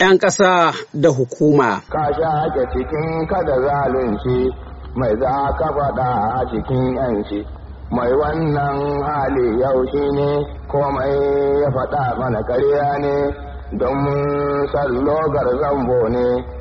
'yan ƙasa da hukuma. Ka sha ake cikin kada zalunci mai za ka faɗa a cikin 'yanci mai wannan hali yau shi ne komai ya faɗa mana karya ne don mun sallogar zambo ne.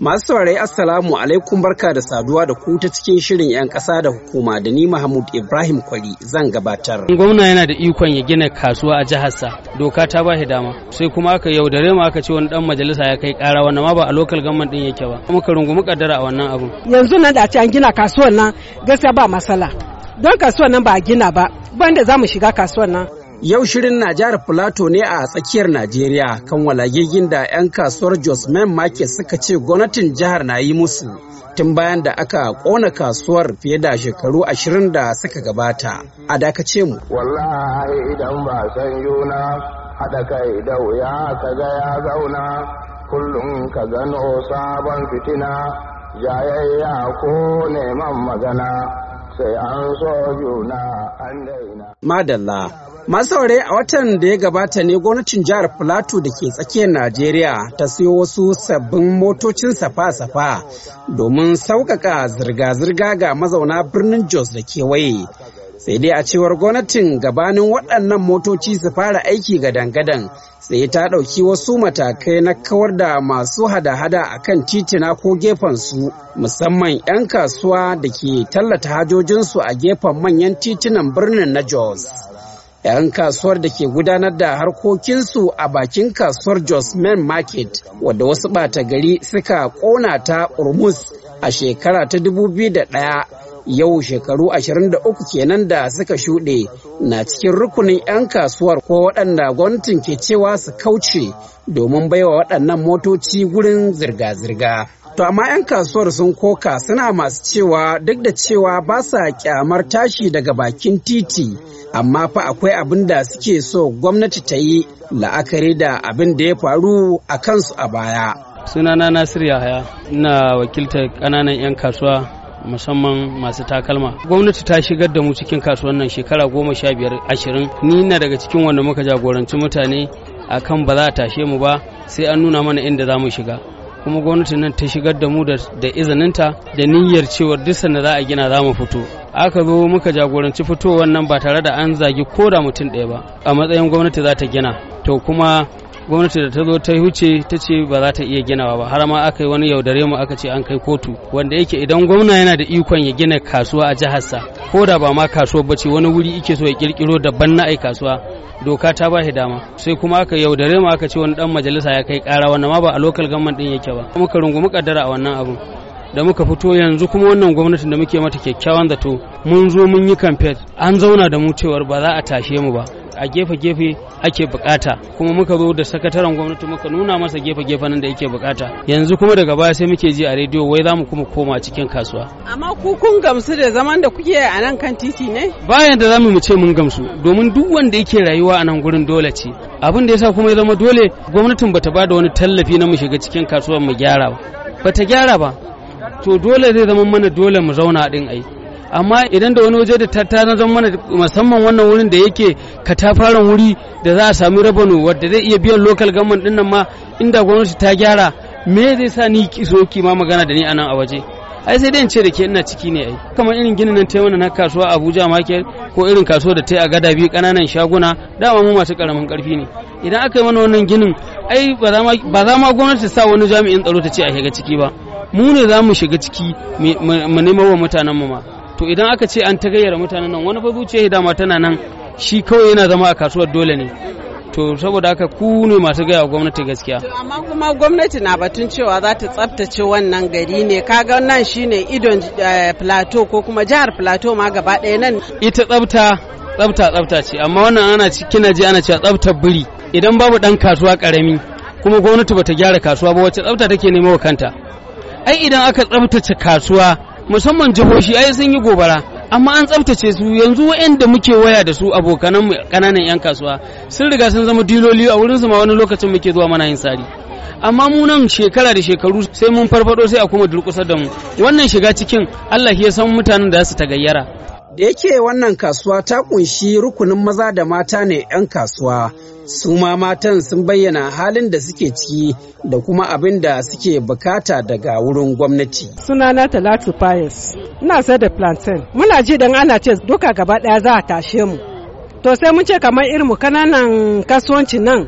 Masu saurayi Assalamu alaikum barka da saduwa da ku ta cikin shirin 'yan ƙasa da hukuma da ni Mahmud Ibrahim Kwari zan gabatar. Gwamna yana da ikon ya gina kasuwa a jiharsa doka ta ba dama sai kuma aka yaudare mu aka ce wani dan majalisa ya kai ƙara wannan ma ba a lokal government din yake ba muka rungumi kaddara a wannan abu. Yanzu nan da a ce an gina kasuwar nan gaskiya ba masala don kasuwar nan ba a gina ba banda za mu shiga kasuwar nan. Yau shirin na jihar Filato ne a tsakiyar Najeriya kan walagigin da 'yan kasuwar Jos Men Market suka ce gwamnatin jihar na yi musu tun bayan da aka kona kasuwar fiye da shekaru ashirin da suka gabata. A dakace mu. Wallahi idan ba san yuna haɗa kai da wuya ka ga ya zauna kullum ka gano sabon fitina jayayya ko neman magana sai an so yuna an daina. Madalla. Masaure a watan da ya gabata ne gwamnatin jihar Filato da ke tsakiyar Najeriya ta siyo wasu sabbin motocin safa-safa domin sauƙaƙa zirga-zirga ga mazauna birnin Jos da kewaye. Sai dai a cewar gwamnatin gabanin waɗannan motoci su fara aiki ga dangadan sai ta ɗauki wasu matakai na kawar da masu hada-hada a kan titina ko gefensu musamman 'yan kasuwa da ke tallata hajojinsu a gefen manyan titunan birnin na Jos. 'yan kasuwar da ke gudanar da harkokinsu a bakin kasuwar Jos men Market wadda wasu bata gari suka kona ta Urmus a shekara ta 2001 yau shekaru ashirin da uku kenan da suka shuɗe na cikin rukunin 'yan kasuwar ko waɗanda gwamnatin ke cewa su kauce domin baiwa waɗannan motoci gurin zirga-zirga. To amma 'yan kasuwar sun koka suna masu cewa duk da cewa ba sa kyamar tashi daga bakin titi amma fa akwai abin da suke so gwamnati ta yi la'akari da abin da ya faru a kansu a baya. Sunana Nasir Yahaya, ina wakiltar ƙananan 'yan kasuwa musamman masu takalma gwamnati ta shigar da mu cikin kasuwan nan shekara goma sha biyar ashirin ni na daga cikin wanda muka jagoranci mutane akan ba za a tashe mu ba sai an nuna mana inda za mu shiga kuma gwamnatin nan ta shigar da mu da izininta da niyyar cewar duk sanda za a gina za mu fito aka zo muka jagoranci fitowar nan ba tare da an zagi ko da mutum ɗaya ba a matsayin gwamnati za ta gina to kuma gwamnati da ta zo ta huce ta ce ba za ta iya ginawa ba har ma aka yi wani yaudare mu aka ce an kai kotu wanda yake idan gwamna yana da ikon ya gina kasuwa a jiharsa ko da ba ma kasuwa ba ce wani wuri ike so ya kirkiro daban na ai kasuwa doka ta ba shi dama sai kuma aka yaudare mu aka ce wani dan majalisa ya kai kara wanda ma ba a local government din yake ba muka rungumi kaddara a wannan abun da muka fito yanzu kuma wannan gwamnatin da muke mata kyakkyawan zato mun zo mun yi kamfet an zauna da mu cewar ba za a tashe mu ba a gefe-gefe ake bukata kuma muka zo da sakataren gwamnati muka nuna masa gefe-gefe nan da yake bukata yanzu kuma daga baya sai muke ji a rediyo wai za mu kuma koma cikin kasuwa amma ku kun gamsu da zaman da kuke a nan kan titi ne bayan da zamu mu ce mun gamsu domin duk wanda yake rayuwa a nan gurin dole ce abin da yasa kuma ya zama dole gwamnatin bata bada wani tallafi na mu shiga cikin kasuwar mu gyara ba bata gyara ba to dole zai zama mana dole mu zauna din ai amma idan da wani waje da ta tattara zama mana musamman wannan wurin da yake katafaren wuri da za a sami rabano wadda zai iya biyan lokal government din nan ma inda gwamnati ta gyara me zai sa ni so ki ma magana da ni anan a waje ai sai dai in ce da ke ina ciki ne ai kamar irin ginin nan ta mana na kasuwa Abuja market ko irin kasuwa da ta a gada biyu kananan shaguna dama mu masu karamin karfi ne idan aka yi mana wannan ginin ai ba za ma gwamnati sa wani jami'in tsaro ta ce a shiga ciki ba mu ne za mu shiga ciki mu nema wa mutanen mu ma to idan aka ce an ta gayyara mutanen nan wani fa zuciya dama tana nan shi kawai yana zama a kasuwar dole ne to saboda haka ku ne masu gaya wa gwamnati gaskiya amma kuma gwamnati na batun cewa za ta tsabtace wannan gari ne kaga nan shine idon eh, plateau ko kuma jihar plateau ma gaba ɗaya nan ita tsabta tsabta tsabta ce amma wannan ana kina ji ana cewa tsabtar biri idan babu dan kasuwa karami kuma gwamnati bata gyara kasuwa ba wacce tsabta take nema kanta ai idan aka tsabtace kasuwa musamman jihohi ai sun yi gobara amma an tsabtace su yanzu waɗanda muke waya da su abokanan kananan yan kasuwa sun riga sun zama diloli a wurin su ma wani lokacin muke zuwa mana yin sari amma mu nan shekara da shekaru sai mun farfado sai a kuma durƙusar da mu wannan shiga cikin Allah ya san mutanen da su ta gayyara da yake wannan kasuwa ta kunshi rukunin maza da mata ne 'yan kasuwa su ma matan sun bayyana halin da suke ciki da kuma abin da suke bukata daga wurin gwamnati. Suna na Talatu Pius, ina sai da plantain. Muna ji dan ana ce duka gaba ɗaya za a tashe mu. To sai mun ce kamar irin mu kananan kasuwanci nan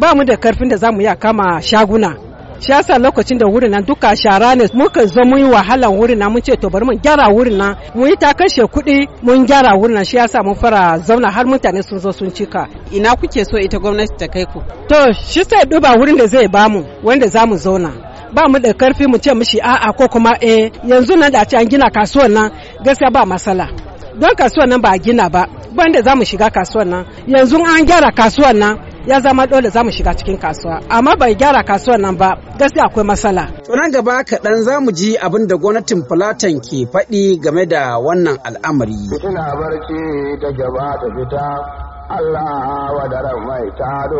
ba mu da karfin da za mu iya kama shaguna. shi lokacin da wurin nan duka shara ne muka zo mun yi wahalan wurin nan mun ce to bari mun gyara wurin nan mun yi ta kashe kuɗi mun gyara wurin nan shi mun fara zauna har mutane sun zo sun cika ina kuke so ita gwamnati ta kai ku to shi sai duba wurin da zai bamu wanda za mu zauna ba mu da karfi mu ce mishi a'a ko kuma eh yanzu nan da ce an gina kasuwar nan gaskiya ba masala don kasuwar nan ba gina ba wanda za mu shiga kasuwar nan yanzu an gyara kasuwar nan ya zama dole za mu shiga cikin kasuwa amma bai gyara kasuwar nan ba gaskiya akwai matsala. nan gaba kaɗan za mu ji abin da gwamnatin Fulatan ke faɗi game da wannan al'amari. Fitina barci ta gaba ta fita Allah wa wadaran mai ta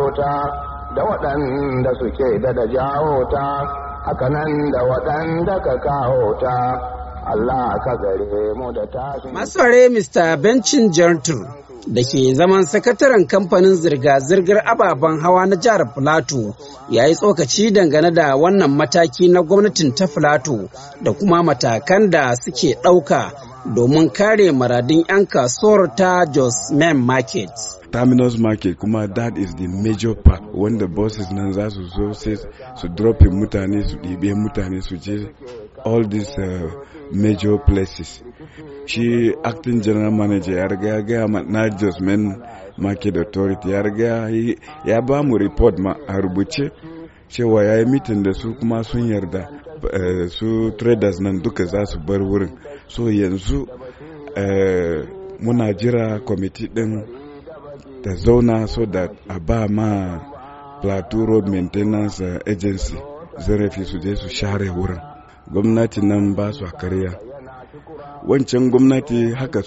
da waɗanda suke da da jawo ta hakanan da waɗanda ka kawo ta Allah ka gare mu da tashi. Masare Mr. Bencin Gentle da ke zaman sakataren kamfanin zirga-zirgar ababen hawa na jihar Filato ya yi tsokaci dangane da wannan mataki na gwamnatin ta Filato da kuma matakan da suke ɗauka domin kare maradin 'yan kasuwar ta Jos Men Market. terminus market kuma that is the major part wanda bosses nan za su zo sai su drop mutane su ɗibe mutane su je all these uh, major places shi acting general manager ya riga ya gaya ma na men market authority ya riga ya ba mu report ma a rubuce cewa ya yi mitin da su kuma sun yarda eh, su traders nan duka za su bar wurin so yanzu eh, muna jira kwamiti din ta zauna so da a ba ma plateau road maintenance agency zarafi su je su share wurin gwamnati nan ba su karya wancan gwamnati haka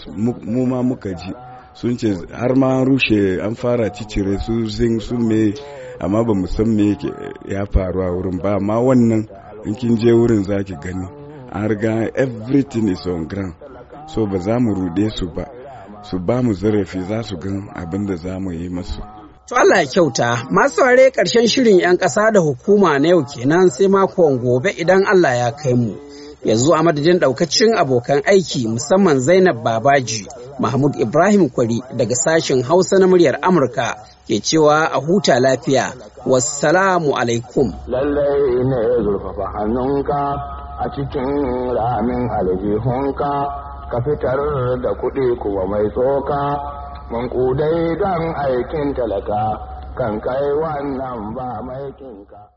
mu ma muka ji sun ce har ma rushe an fara cicire su zin su me amma ba san me ya faru a wurin ba ma wannan in kin je wurin za ki gani an riga everything is on ground so ba za mu rude su ba su ba mu zarafi za su gan abin da za mu yi masu To Allah ya kyauta, masu ware ƙarshen shirin 'yan ƙasa da hukuma na yau kenan sai makon gobe idan Allah ya kai mu. Yanzu a madadin ɗaukacin abokan aiki musamman Zainab Babaji, Mahmud Ibrahim Kwari daga sashen Hausa na muryar Amurka ke cewa a huta lafiya. Wassalamu alaikum. Lallai ne zurfafa hannunka a cikin ramin aljihunka ka fitar da kuɗi kuwa mai tsoka kudai don aikin talaka kan kai wannan ba maikinka